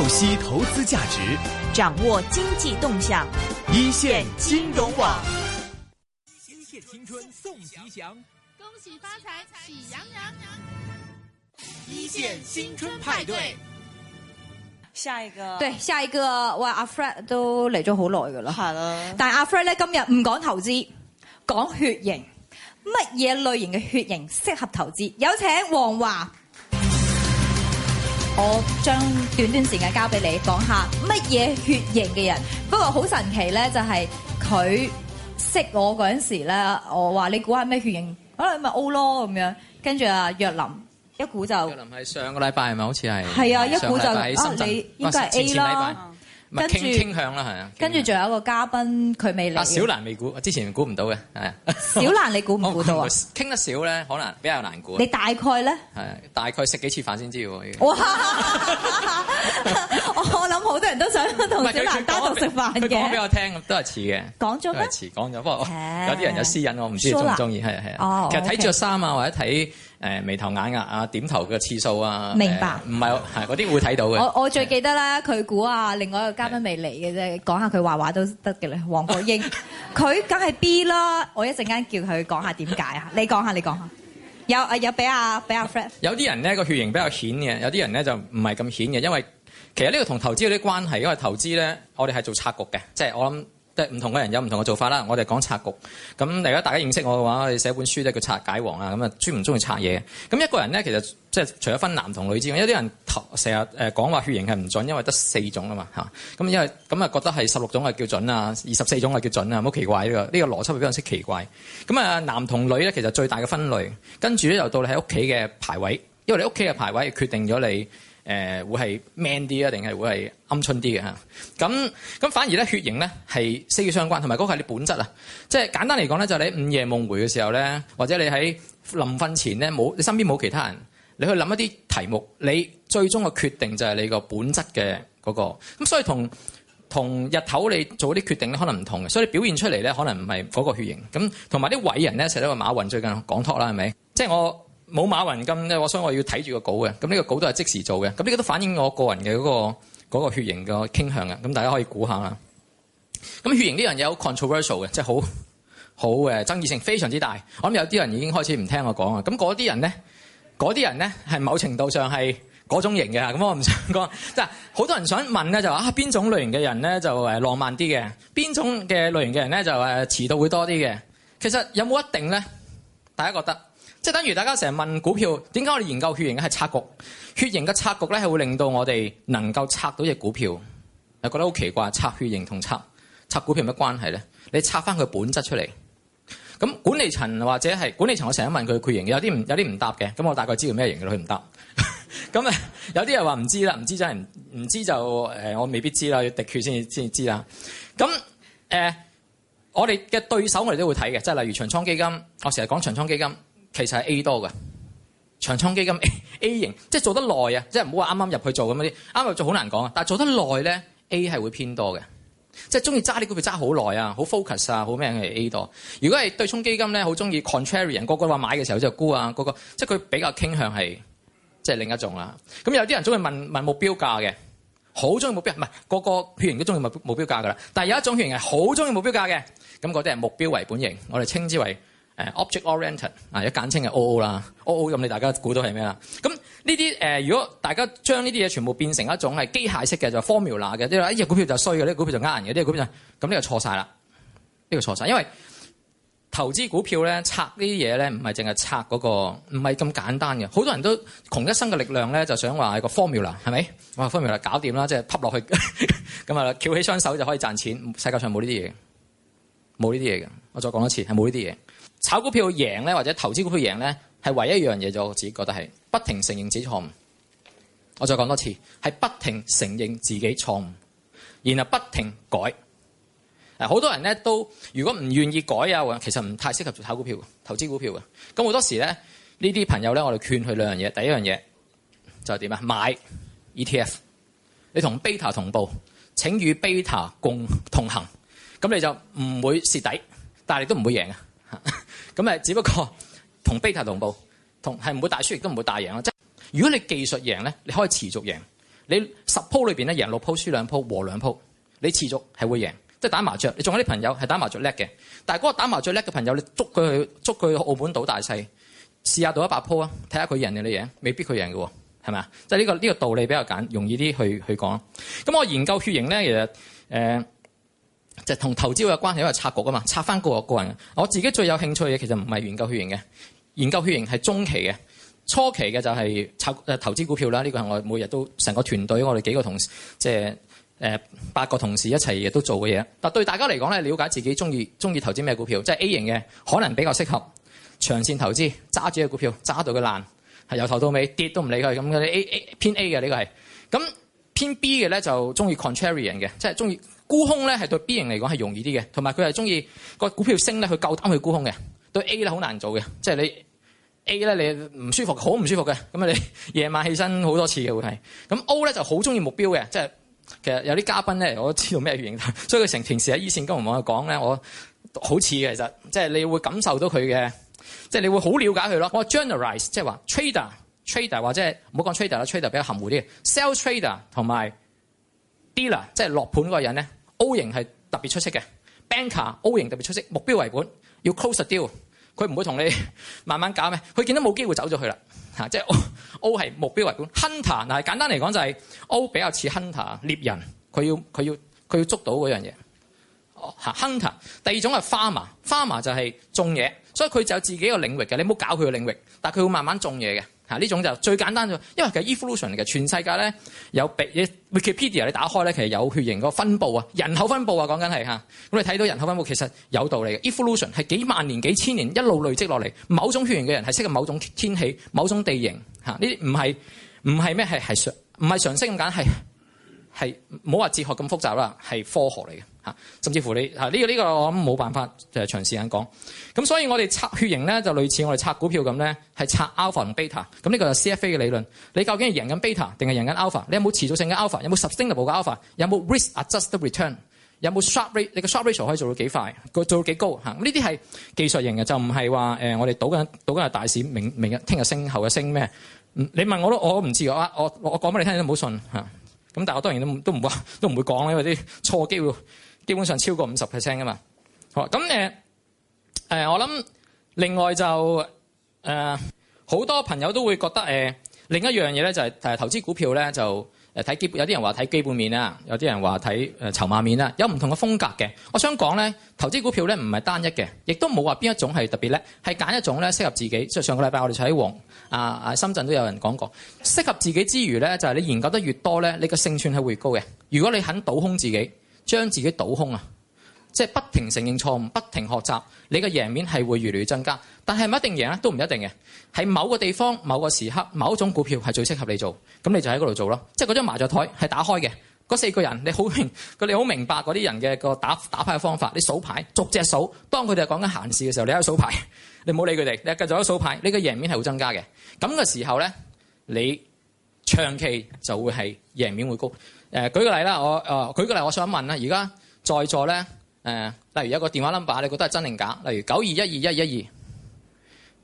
透析投資價值，掌握經濟動向，一線金融網。一線新春送吉祥，恭喜發財，喜洋洋。一線新春派對，下一個，對，下一個，哇，阿 Fred 都嚟咗好耐噶啦，係啦，但係阿 Fred 咧今日唔講投資，講血型，乜嘢類型嘅血型適合投資？有請王華。我將短短時間交俾你講下乜嘢血型嘅人，不過好神奇咧，就係、是、佢識我嗰陣時咧，我話你估下咩血型？可能咪 O 咯咁樣，跟住阿若琳一估就，若琳係上個禮拜係咪？好似係係啊，一估就啊，你應該係 A 啦。前前傾傾向啦，係啊！跟住仲有一個嘉賓，佢未嚟。小蘭未估，之前估唔到嘅，係啊。小蘭你估唔估到啊？傾得少咧，可能比較難估。你大概咧？大概食幾次飯先知喎。哇！我我諗好多人都想同小蘭單獨食飯嘅。講俾我聽都係似嘅。講咗係似講咗，不過有啲人有私隱，我唔知中唔中意。係啊係啊。哦，其實睇著衫啊，或者睇。誒，眉頭眼額啊，點頭嘅次數啊，明白？唔係、呃，係嗰啲會睇到嘅。 我我最記得啦，佢估啊，另外個嘉賓未嚟嘅啫，講下佢話話都得嘅咧。黃國英，佢梗係 B 啦。我一陣間叫佢講下點解啊？你講下，你講下。有啊，有俾阿俾阿 Fred。有啲人咧，個血型比較顯嘅，有啲人咧就唔係咁顯嘅，因為其實呢個同投資有啲關係，因為投資咧，我哋係做策局嘅，即係我諗。即係唔同嘅人有唔同嘅做法啦。我哋講拆局，咁嚟緊大家認識我嘅話，我哋寫本書都叫《拆解王》啊。咁啊，中唔中意拆嘢？咁一個人咧，其實即係除咗分男同女之外，有啲人成日誒講話血型係唔準，因為得四種啊嘛嚇。咁因為咁啊，覺得係十六種係叫準啊，二十四種係叫準啊，好奇怪呢個呢個邏輯比較識奇怪。咁啊，男同女咧，其實最大嘅分類，跟住咧又到你喺屋企嘅排位，因為你屋企嘅排位決定咗你。誒、呃、會係 man 啲啊，定係會係鵪鶉啲嘅嚇？咁咁反而咧，血型咧係息息相關，同埋嗰個係你本質啊。即係簡單嚟講咧，就是、你午夜夢迴嘅時候咧，或者你喺臨瞓前咧，冇你身邊冇其他人，你去諗一啲題目，你最終嘅決定就係你個本質嘅嗰、那個。咁所以同同日頭你做啲決定呢，可能唔同嘅。所以你表現出嚟咧，可能唔係嗰個血型。咁同埋啲偉人咧成日都話，馬雲最近講托啦，係咪？即係我。冇馬雲金，我所以我要睇住個稿嘅。咁、這、呢個稿都係即時做嘅。咁、這、呢個都反映我個人嘅嗰、那個嗰、那個、血型嘅傾向啊。咁大家可以估下啦。咁血型啲人有 controversial 嘅，即係好好誒爭議性非常之大。我諗有啲人已經開始唔聽我講啦。咁嗰啲人咧，嗰啲人咧係某程度上係嗰種型嘅。咁我唔想講，即係好多人想問咧，就話啊邊種類型嘅人咧就誒浪漫啲嘅？邊種嘅類型嘅人咧就誒遲到會多啲嘅？其實有冇一定咧？大家覺得即係等於大家成日問股票，點解我哋研究血型係拆局，血型嘅拆局咧係會令到我哋能夠拆到隻股票，就覺得好奇怪，拆血型同拆拆股票有乜關係咧？你拆翻佢本質出嚟。咁管理層或者係管理層我，我成日問佢血型，有啲唔有啲唔答嘅，咁我大概知道咩型嘅，佢唔答。咁 啊，有啲人話唔知啦，唔知真係唔知就誒、呃，我未必知啦，要滴血先先知啦。咁誒。呃我哋嘅對手，我哋都會睇嘅，即係例如長倉基金。我成日講長倉基金，其實係 A 多嘅。長倉基金 A, A 型，即係做得耐啊！即係唔好話啱啱入去做咁嗰啲，啱入做好難講啊。但係做得耐咧，A 係會偏多嘅，即係中意揸啲股票揸好耐啊，好 focus 啊，好咩嘅 A 多。如果係對沖基金咧，好中意 contrarian，個個話買嘅時候就沽啊，個個即係佢比較傾向係即係另一種啦。咁有啲人中意問問目標價嘅，好中意目標唔係個個血型都中意目標目標價㗎啦。但係有一種血型係好中意目標價嘅。咁嗰啲係目標為本型，我哋稱之為 object-oriented，啊，一簡稱係 OO 啦，OO 咁你大家估到係咩啦？咁呢啲誒，如果大家將呢啲嘢全部變成一種係機械式嘅就係、formula 嘅，即係啊隻股票就衰嘅，啲、呢隻、股票就呃人嘅，啲、呢隻、股票就咁、係、呢個錯晒啦，呢、呢個錯晒，因為投資股票咧拆呢啲嘢咧唔係淨係拆嗰、嗰個，唔係咁簡單嘅。好多人都窮一生嘅力量咧就想話係個 formula 係咪？哇 formula 搞掂啦，即係揼落去咁啊，翹 起雙手就可以賺錢，世界上冇呢啲嘢。冇呢啲嘢嘅，我再講多次，係冇呢啲嘢。炒股票贏咧，或者投資股票贏咧，係唯一一樣嘢，就我自己覺得係不停承認自己錯誤。我再講多次，係不停承認自己錯誤，然後不停改。誒，好多人咧都如果唔願意改啊，其實唔太適合做炒股票、投資股票嘅。咁好多時咧，呢啲朋友咧，我哋勸佢兩樣嘢。第一樣嘢就係點啊？買 ETF，你同 beta 同步，請與 beta 共同行。咁你就唔會蝕底，但你都唔會贏啊！咁誒，只不過同 beta 同步，同係唔會大輸，亦都唔會大贏啊！即係如果你技術贏咧，你可以持續贏。你十鋪裏面咧贏六鋪、輸兩鋪、和兩鋪，你持續係會贏。即係打麻雀，你仲有啲朋友係打麻雀叻嘅，但係嗰個打麻雀叻嘅朋友，你捉佢去捉佢去澳門賭大細，試下到一百鋪啊！睇下佢贏定你贏，未必佢贏嘅喎，係咪啊？即係呢個呢個道理比較簡單，容易啲去去講。咁我研究血型咧，其實、呃就係同投資嘅關係，因為拆局啊嘛，拆翻個個人。我自己最有興趣嘅其實唔係研究血型嘅，研究血型係中期嘅，初期嘅就係拆誒投資股票啦。呢個係我每日都成個團隊，我哋幾個同事即係誒八個同事一齊亦都做嘅嘢。但對大家嚟講咧，瞭解自己中意中意投資咩股票，即係 A 型嘅，可能比較適合長線投資，揸住嘅股票揸到佢爛，係由頭到尾跌都唔理佢咁嗰啲 A A 偏 A 嘅呢、這個係咁。偏 B 嘅咧就中意 contrarian 嘅，即係中意沽空咧，係對 B 型嚟講係容易啲嘅，同埋佢係中意個股票升咧，去夠膽去沽空嘅。對 A 咧好難做嘅，即係你 A 咧你唔舒服，好唔舒服嘅。咁啊，你 夜晚起身好多次嘅會係咁 O 咧就好中意目標嘅，即係其實有啲嘉賓咧，我都知道咩型，所以佢成平時喺 e 線金融網去講咧，我好似嘅，其實即係你會感受到佢嘅，即係你會好了解佢咯。我 generalize 即係話 trader。trader 或者係唔好講 trader 啦，trader 比較含糊啲嘅。sell trader 同埋 dealer 即係落盤嗰個人咧，O 型係特別出色嘅。Banker O 型特別出色，目標為本要 close a deal，佢唔會同你慢慢搞咩。佢見到冇機會走咗去啦嚇，即係 O O 係目標為本 hunter 嗱，簡單嚟講就係 O 比較似 hunter 獵人，佢要佢要佢要捉到嗰樣嘢 hunter。第二種係 farmer，farmer 就係種嘢，所以佢就有自己個領域嘅。你唔好搞佢個領域，但佢會慢慢種嘢嘅。嚇呢種就最簡單咗，因為其實 evolution 嚟嘅，全世界咧有備，你 Wikipedia 你打開咧，其實有血型個分布啊，人口分布啊，講緊係嚇，我哋睇到人口分布，其實有道理嘅，evolution 係幾萬年幾千年一路累積落嚟，某種血型嘅人係適合某種天氣、某種地形嚇，呢啲唔係唔係咩係係常唔係常識咁簡單，係冇話哲學咁複雜啦，係科學嚟嘅。甚至乎你呢個呢個我諗冇辦法誒長時間講，咁所以我哋測血型咧就類似我哋拆股票咁咧，係拆 alpha 同 beta，咁呢個就 CFA 嘅理論。你究竟係贏緊 beta 定係贏緊 alpha？你有冇持續性嘅 alpha？有冇 sustainable 嘅 alpha？有冇 risk adjusted return？有冇 sharp rate？你個 sharp rate 可可以做到幾快？佢做到幾高？吓呢啲係技術型嘅，就唔係話誒我哋賭緊賭緊係大市明明日聽日升後日升咩？你問我都我唔知啊，我我講俾你聽你都唔好信吓。咁但係我當然都都唔都唔會講啦，因為啲錯機會。基本上超過五十 percent 啊嘛，好咁、呃、我諗另外就誒好、呃、多朋友都會覺得誒、呃、另一樣嘢咧就係、是、投資股票咧就睇有啲人話睇基本面啊，有啲人話睇誒籌碼面啦，有唔同嘅風格嘅。我想講咧，投資股票咧唔係單一嘅，亦都冇話邊一種係特別叻，係揀一種咧適合自己。即係上個禮拜我哋喺黃啊啊，啊，啊深圳都有人講過，適合自己之餘咧就係、是、你研究得越多咧，你個勝算係會高嘅。如果你肯倒空自己。將自己倒空啊！即係不停承認錯誤，不停學習，你嘅贏面係會越來越增加。但係唔一定贏啊，都唔一定嘅。喺某個地方、某個時刻、某一種股票係最適合你做，咁你就喺嗰度做咯。即係嗰張麻雀台係打開嘅，嗰四個人你好明，佢哋好明白嗰啲人嘅個打打牌嘅方法，你數牌逐隻數。當佢哋講緊閒事嘅時候，你喺度數牌，你唔好理佢哋，你繼續喺度數牌。你嘅贏面係會增加嘅。咁嘅時候咧，你長期就會係贏面會高。誒、呃、舉個例啦，我誒、呃、舉個例，我想問啦，而家在，在座咧誒、呃，例如有個電話 number，你覺得係真定假？例如九二一二一二一二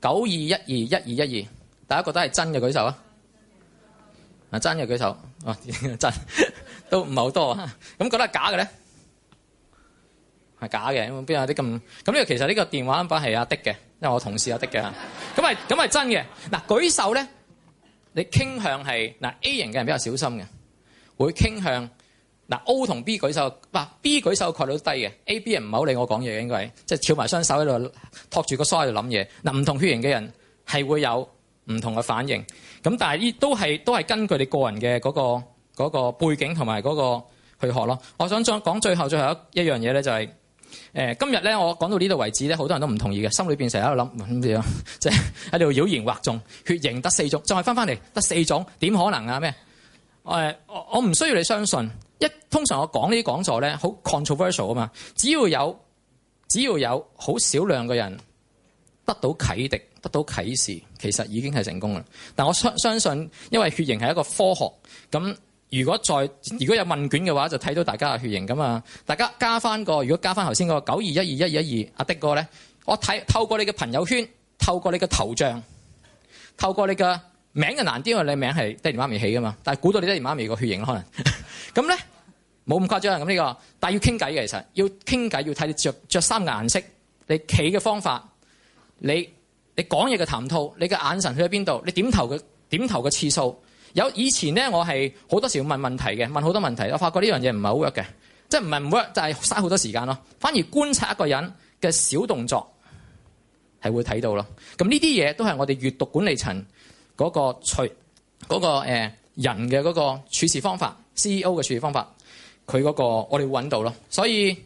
九二一二一二一二，大家覺得係真嘅舉手啊！嗱，真嘅舉手，哦、啊，真 都唔係好多，咁、啊、覺得係假嘅咧，係假嘅，邊有啲咁？咁呢個其實呢個電話 number 係阿迪的嘅，因為我同事阿迪的嘅，咁係咁係真嘅。嗱、啊，舉手咧，你傾向係嗱、啊、A 型嘅人比較小心嘅。會傾向嗱 O 同 B 舉手，哇 B 舉手概率低嘅，A B 人唔好理我講嘢嘅，應該即係跳埋雙手喺度托住個腮喺度諗嘢。嗱唔同血型嘅人係會有唔同嘅反應，咁但係呢都係都係根據你個人嘅嗰個嗰個背景同埋嗰個去學咯。我想講最後最後一一樣嘢咧，就係呃今日咧，我講到呢度為止咧，好多人都唔同意嘅，心裏邊成日喺度諗點樣，即係喺度妖言惑眾。血型得四種，再翻翻嚟得四種，點可能啊咩？誒，uh, 我唔需要你相信。一通常我講呢啲講座咧，好 controversial 㗎嘛。只要有只要有好少量嘅人得到啟迪，得到啟示，其實已經係成功啦。但我相相信，因為血型係一個科學。咁如果再如果有問卷嘅話，就睇到大家嘅血型㗎嘛。大家加返個，如果加返頭先嗰個九二一二一二一二，阿的哥咧，我睇透過你嘅朋友圈，透過你嘅頭像，透過你嘅。名就難啲，因為你名係爹哋媽咪起噶嘛。但係估到你爹哋媽咪個血型可能咁咧，冇 咁誇張。咁呢個但係要傾偈嘅，其實要傾偈要睇你着著衫嘅顏色，你企嘅方法，你你講嘢嘅談吐，你嘅眼神去喺邊度，你點頭嘅點頭嘅次數有以前咧，我係好多時要問問題嘅，問好多問題，我發覺呢樣嘢唔係好 work 嘅，即係唔係唔 work 就係嘥好多時間咯。反而觀察一個人嘅小動作係會睇到咯。咁呢啲嘢都係我哋閱讀管理層。嗰個除嗰、那個、呃、人嘅嗰個處事方法，CEO 嘅處事方法，佢嗰個我哋搵到咯。所以誒，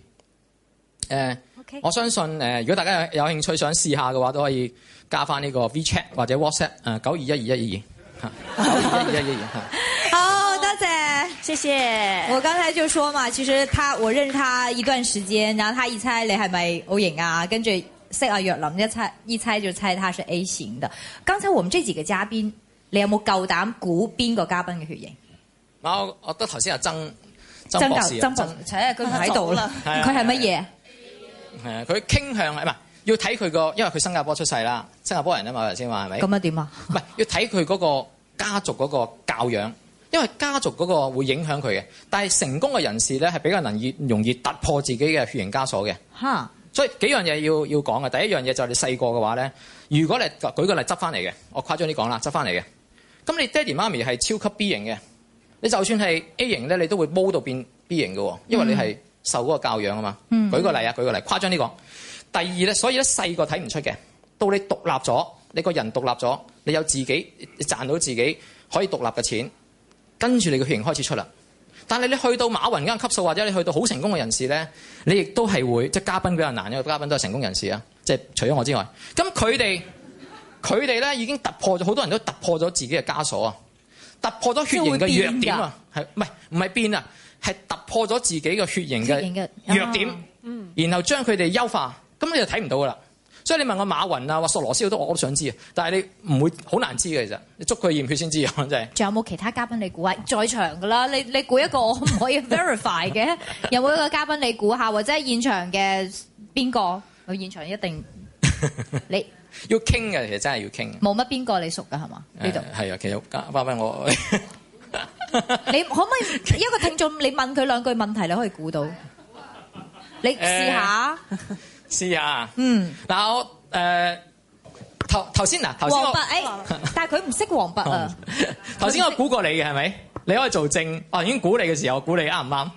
呃、Okay. 我相信誒、呃，如果大家有興趣想試下嘅話，都可以加翻呢個 WeChat 或者 WhatsApp，誒、呃、九二一二一二。嚇、啊！二二二。好，多謝，謝謝。我剛才就說嘛，其實他我認識他一段時間，然後他一猜，你係咪 O 型啊？跟住。識阿、啊、若林一猜，一猜就猜他是 A 型的。剛才我們這幾個嘉賓，你有冇夠膽估邊個嘉賓嘅血型？冇，我覺得頭先阿曾曾學睇佢喺度啦，佢係乜嘢？係啊，佢傾向啊，唔係要睇佢個，因為佢新加坡出世啦，新加坡人啊嘛，頭先話係咪？咁啊點啊？唔係 要睇佢嗰個家族嗰個教養，因為家族嗰個會影響佢嘅。但係成功嘅人士咧，係比較能易容易突破自己嘅血型枷鎖嘅。嚇～所以幾樣嘢要要講嘅，第一樣嘢就係你細個嘅話咧，如果你舉個例執翻嚟嘅，我誇張啲講啦，執翻嚟嘅，咁你爹哋媽咪係超級 B 型嘅，你就算係 A 型咧，你都會煲到變 B 型嘅，因為你係受嗰個教養啊嘛，嗯舉，舉個例啊，舉個例，誇張啲講。第二咧，所以咧細個睇唔出嘅，到你獨立咗，你個人獨立咗，你有自己賺到自己可以獨立嘅錢，跟住你嘅血型開始出啦。但係你去到馬雲嗰個級數，或者你去到好成功嘅人士咧，你亦都係會即係嘉賓比較難嘅，因為嘉賓都係成功人士啊！即係除咗我之外，咁佢哋佢哋咧已經突破咗，好多人都突破咗自己嘅枷鎖啊，突破咗血型嘅弱點啊，係唔係唔係變啊？係突破咗自己嘅血型嘅弱點，然後將佢哋優化，咁你就睇唔到噶啦。所以你問我馬雲啊話索羅斯好多我都想知啊，但係你唔會好難知嘅其實，你捉佢驗血先知啊真係。仲有冇其他嘉賓你估啊？在場㗎啦，你你估一個唔可，可以 verify 嘅， 有冇一個嘉賓你估下，或者現場嘅邊個？我現場一定 你要傾嘅，其實真係要傾。冇乜邊個你熟㗎係嘛？呢度係啊，其實嘉翻返我。 你可唔可以一個聽眾你問佢兩句問題你可以估到？ 你試下。Uh, 是啊，嗯，嗱我誒頭頭先嗱頭先，黃伯誒，但係佢唔識黃伯啊。頭先我估過你嘅係咪？你可以做證，我已經估你嘅時候，我估你啱唔啱？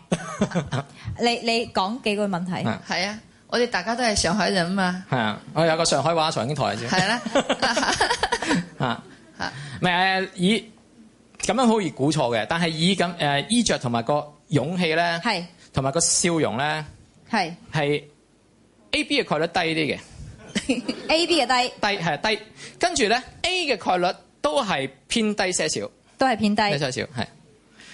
你你講幾個問題？係 啊，我哋大家都係上海人啊嘛。係啊，我有個上海話我曾經抬下先。係 啦是、啊。嚇 嚇、啊，唔係以咁樣好易估錯嘅，但係以咁誒衣着同埋個勇氣咧，係同埋個笑容咧，係係是。A、B 嘅概率低啲嘅 ，A、B 嘅低，低係低，跟住咧 A 嘅概率都係偏低些少，都係偏低，低些少係，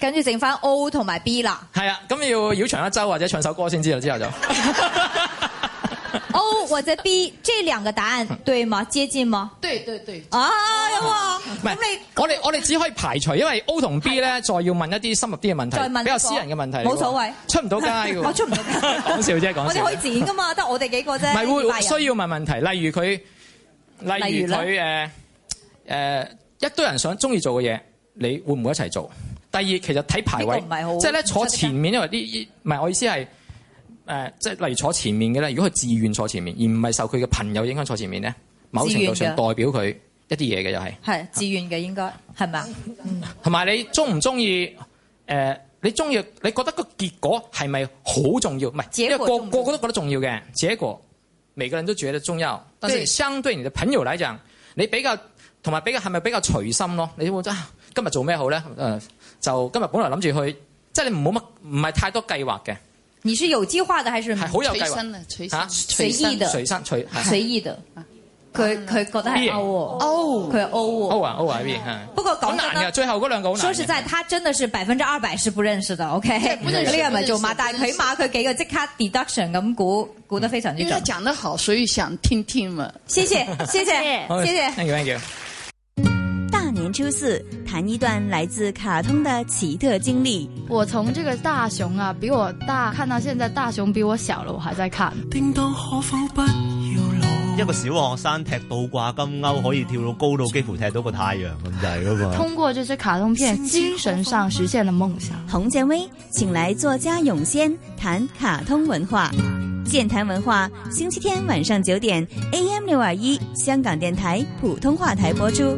跟住剩翻 O 同埋 B 啦，係啊，咁要繞場一周或者唱首歌先知道之後就 O 或者 B，這兩個答案對嗎？接近嗎？對對對，對對對啊。咁啊！咁你我哋我哋只可以排除，因為 O 同 B 咧，再要問一啲深入啲嘅問題，比較私人嘅問題，冇所謂，出唔到街嘅喎，出唔到街講笑啫，講我哋可以剪噶嘛，得我哋幾個啫，唔係會需要問問題，例如佢，例如佢誒誒一堆人想鍾意做嘅嘢，你會唔會一齊做？第二，其實睇排位，唔係好即係咧坐前面，因為啲唔係我意思係誒，即係例如坐前面嘅咧，如果佢自願坐前面，而唔係受佢嘅朋友影響坐前面咧，某程度上代表佢。一啲嘢嘅又係，係自願嘅應該係咪？同埋吧、嗯、你中唔中意？你中意？你覺得個結果係咪好重要？唔係，因為結果 個,個個都覺得重要嘅結果，每個人都覺得重要。但是,是相對你嘅朋友嚟講你比較同埋比較係咪比較隨心咯？你會得、啊、今日做咩好咧、啊？就今日本來諗住去，即、就、係、是、你唔好乜，唔係太多計劃嘅。你是有,是是有計劃的還是隨有的、啊啊？隨意的隨心隨隨意的。佢佢覺得係歐哦，歐，佢歐，歐啊歐啊邊係。不過講難啊，最後嗰兩個好難。說實在，他真的是百分之二百是不認識的，OK。不認識咪做馬？但係起碼佢幾個即刻 deduction 咁估估得非常之準。因為講得好，所以想聽聽嘛。謝謝謝謝謝謝。Thank you thank you。大年初四，談一段來自卡通的奇特經歷。我從這個大熊啊，比我大，看到現在大熊比我小了，我還在看。叮噹可否不？一個小學生踢倒掛金鈎，可以跳到高度幾乎踢到個太陽咁滯噶嘛？通過這支卡通片，精神上實現了夢想。洪建威，請來作家永先談卡通文化。健談文化，星期天晚上九點，AM 六二一，香港電台普通話台播出。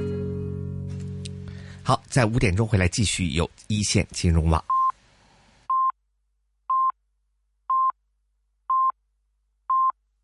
好，在五點鐘回來繼續有一線金融網。